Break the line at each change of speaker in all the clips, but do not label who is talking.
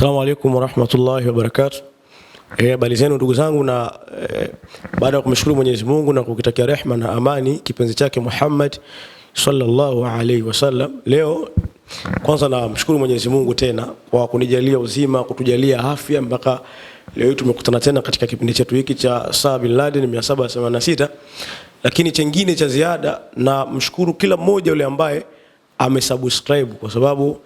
Asalamu alaykum warahmatullahi wabarakatuh. Eh, habari zenu ndugu zangu na eh, baada ya kumshukuru Mwenyezi Mungu na kukitakia rehma na amani kipenzi chake Muhammad sallallahu alayhi wasallam. Leo kwanza namshukuru Mwenyezi Mungu tena kwa kunijalia uzima, kutujalia afya mpaka leo tumekutana tena katika kipindi chetu hiki cha Saa Bin Laden 786. Lakini chengine cha ziada na mshukuru kila mmoja yule ambaye amesubscribe kwa sababu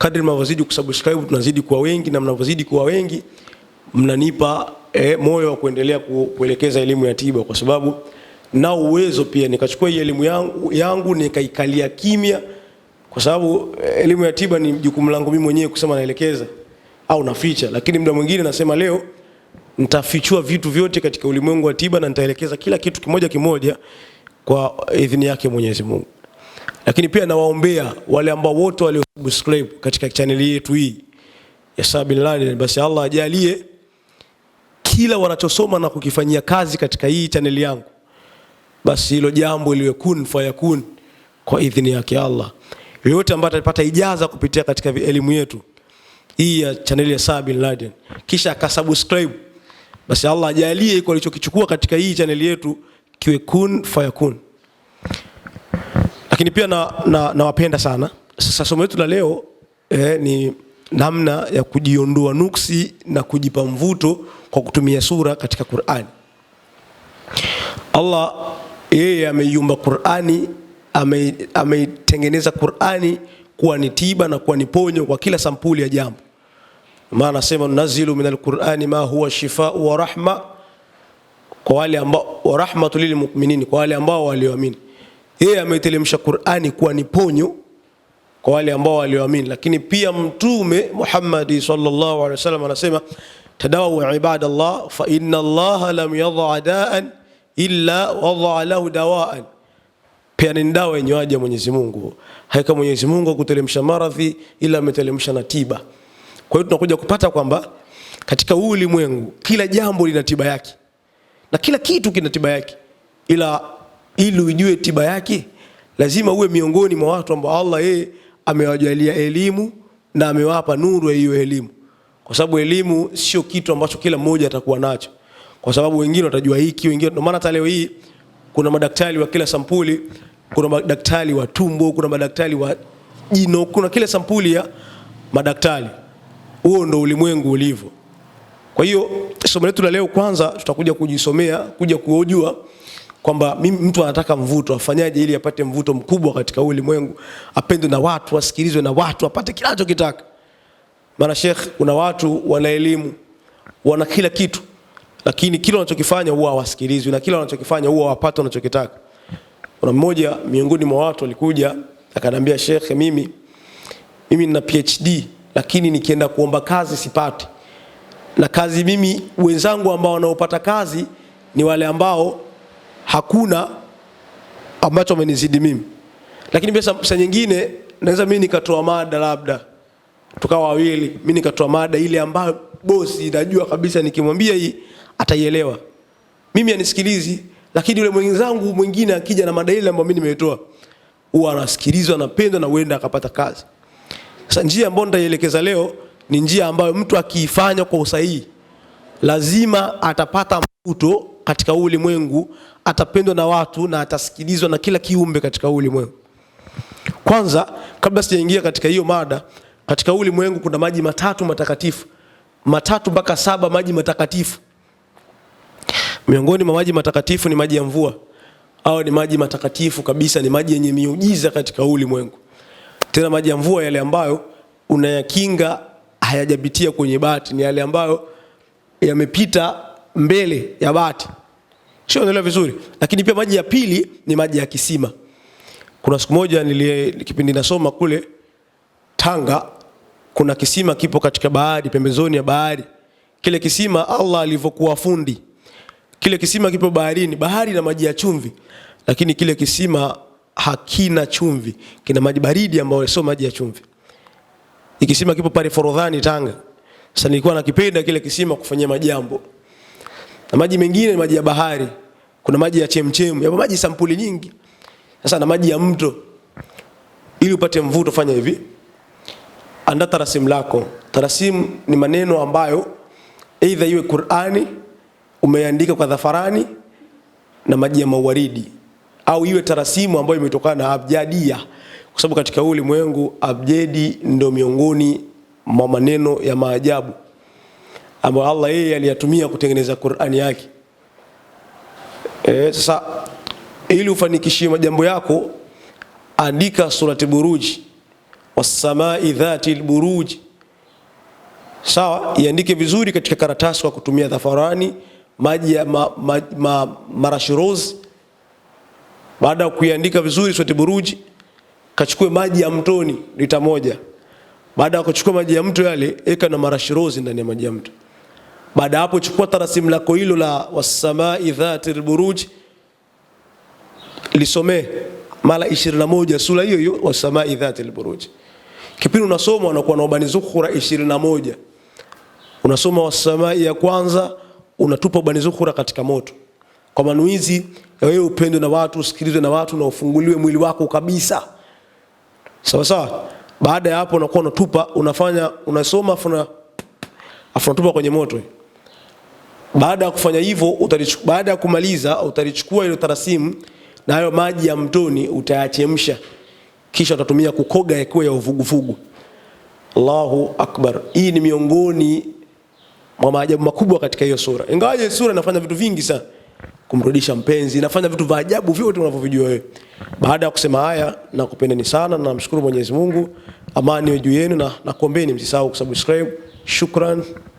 kadri mnavyozidi kusubscribe tunazidi kuwa wengi, na mnavyozidi kuwa wengi mnanipa eh, moyo wa kuendelea kuelekeza elimu ya tiba, kwa sababu na uwezo pia nikachukua hii elimu yangu, yangu nikaikalia kimya, kwa sababu eh, elimu ya tiba ni jukumu langu mimi mwenyewe kusema naelekeza au naficha, lakini muda mwingine nasema leo nitafichua vitu vyote katika ulimwengu wa tiba na nitaelekeza kila kitu kimoja kimoja kwa idhini yake Mwenyezi Mungu. Lakini pia nawaombea wale ambao wote walio subscribe katika channel yetu hii ya Sabilillahi, basi Allah ajalie kila wanachosoma na kukifanyia kazi katika hii channel yangu, basi hilo jambo liwe kun fayakun kwa idhini yake Allah. Yoyote ambaye atapata ijaza kupitia katika elimu yetu hii ya channel ya Sabilillahi kisha akasubscribe, basi Allah ajalie iko alichokichukua katika hii channel yetu kiwe kun fayakun. Lakini pia nawapenda na, na sana. Sasa somo letu la leo eh, ni namna ya kujiondoa nuksi na kujipa mvuto kwa kutumia sura katika Qur'ani. Allah yeye ameiumba Qur'ani, ameitengeneza Qur'ani kuwa ni tiba na kuwa ni ponyo kwa kila sampuli ya jambo. Maana nasema nazilu min alqur'ani ma huwa shifa wa rahma kwa wale ambao wa rahmatul lilmu'minin, kwa wale ambao walioamini yeye ameitelemsha Qur'ani kuwa ni ponyo kwa wale ambao walioamini, lakini pia Mtume Muhammad sallallahu alaihi wasallam anasema tadawu ibadallah fa inna Allah lam yadha daan illa wadaa lahu dawaan, pia ni dawa yenye waja Mwenyezi Mungu. Haika Mwenyezi Mungu akuteremsha maradhi ila ametelemsha na tiba. Kwa hiyo tunakuja kupata kwamba katika huu ulimwengu kila jambo lina tiba yake na kila kitu kina tiba yake ila ili ujue tiba yake, lazima uwe miongoni mwa watu ambao Allah yeye amewajalia elimu na amewapa nuru ya hiyo elimu, kwa sababu elimu sio kitu ambacho kila mmoja atakuwa nacho, kwa sababu wengine watajua hiki, wengine. Ndio maana hata leo hii kuna madaktari wa kila sampuli, kuna madaktari wa tumbo, kuna madaktari wa jino, kuna kila sampuli ya madaktari. Huo ndio ulimwengu ulivyo. Kwa hiyo somo letu la leo, kwanza tutakuja kujisomea, kuja kuojua kwamba mtu anataka mvuto, afanyaje ili apate mvuto mkubwa katika ulimwengu, apendwe na watu, asikilizwe na watu, apate kila anachokitaka. Maana Sheikh, kuna watu wana elimu, wana kila kitu, lakini kila wanachokifanya huwa hawasikilizwi na kila wanachokifanya huwa hawapati wanachokitaka. Kuna mmoja miongoni mwa watu alikuja akaniambia, Sheikh, mimi mimi nina PhD lakini nikienda kuomba kazi sipati, na kazi mimi wenzangu ambao wanaopata kazi ni wale ambao hakuna ambacho amenizidi mimi. Lakini pia saa nyingine naweza mimi nikatoa mada labda tukawa wawili, mimi nikatoa mada ile ambayo bosi najua kabisa nikimwambia hii ataielewa, mimi anisikilizi, lakini yule mwenzangu mwingine akija na mada ile ambayo mimi nimetoa, huwa anasikilizwa, anapendwa na huenda akapata kazi. Sasa njia ambayo nitaielekeza leo ni njia ambayo mtu akiifanya kwa usahihi lazima atapata mvuto katika ulimwengu, atapendwa na watu na atasikilizwa na kila kiumbe katika ulimwengu. Kwanza, kabla sijaingia katika hiyo mada, katika ulimwengu kuna maji matatu matakatifu, matatu mpaka saba maji matakatifu. Miongoni mwa maji matakatifu ni maji ya mvua au ni maji matakatifu kabisa, ni maji yenye miujiza katika ulimwengu, tena maji ya mvua yale ambayo unayakinga hayajapitia kwenye bati, ni yale ambayo yamepita mbele ya bati. Sio unaelewa vizuri. Lakini pia maji ya pili ni maji ya kisima. Kuna siku moja nilie kipindi nasoma kule Tanga, kuna kisima kipo katika bahari, pembezoni ya bahari. Kile kisima Allah alivyokuwa fundi. Kile kisima kipo baharini, bahari na maji ya chumvi. Lakini kile kisima hakina chumvi, kina maji baridi ambayo sio maji ya chumvi. Ikisima kipo pale Forodhani Tanga. Sasa nilikuwa nakipenda kile kisima kufanyia majambo. Na maji mengine maji ya bahari kuna maji ya chemchemu, yapo maji sampuli nyingi. Sasa na maji ya mto, ili upate mvuto, fanya hivi: anda tarasimu lako. Tarasimu ni maneno ambayo aidha iwe Qur'ani umeandika kwa dhafarani na maji ya mauwaridi au iwe tarasimu ambayo imetokana na abjadia, kwa sababu katika ulimwengu abjadi ndio miongoni mwa maneno ya maajabu ambayo Allah yeye aliyatumia kutengeneza Qur'ani yake. E, sasa ili ufanikishie majambo yako andika surati buruji wasamai dhati lburuji, sawa. Iandike vizuri katika karatasi kwa kutumia dhafarani, maji ya ma, ma, ma, marashirozi. Baada ya kuiandika vizuri surati buruji, kachukue maji ya mtoni lita moja. Baada ya kuchukua maji ya mto yale, eka na marashirozi ndani ya maji ya mto. Baada hapo, chukua tarasimu lako hilo la wasamai dhatil buruj, lisomee mara 21 sura hiyo hiyo wasamai dhatil buruj. Kipindi unasoma unakuwa na ubani zukhura 21. Unasoma wasamai ya kwanza unatupa ubani zukhura katika moto, kwa manuizi na wewe upendwe na watu, usikilizwe na watu na ufunguliwe mwili wako kabisa, sawa sawa. Baada ya hapo unakuwa unatupa, unafanya unasoma, afuna afuna tupa kwenye moto. hiyo. Baada ya kufanya hivyo, baada ya kumaliza, utalichukua ile tarasimu na hayo maji ya mtoni utayachemsha, kisha utatumia kukoga yakiwa ya uvuguvugu. Allahu akbar! Hii ni miongoni mwa maajabu makubwa katika hiyo sura, ingawaje sura inafanya vitu vingi sana kumrudisha mpenzi, inafanya vitu vya ajabu vyote unavyovijua wewe. Baada ya kusema haya, nakupendeni sana na namshukuru Mwenyezi Mungu, amani iwe juu yenu, na nakuombeni msisahau kusubscribe. Shukran.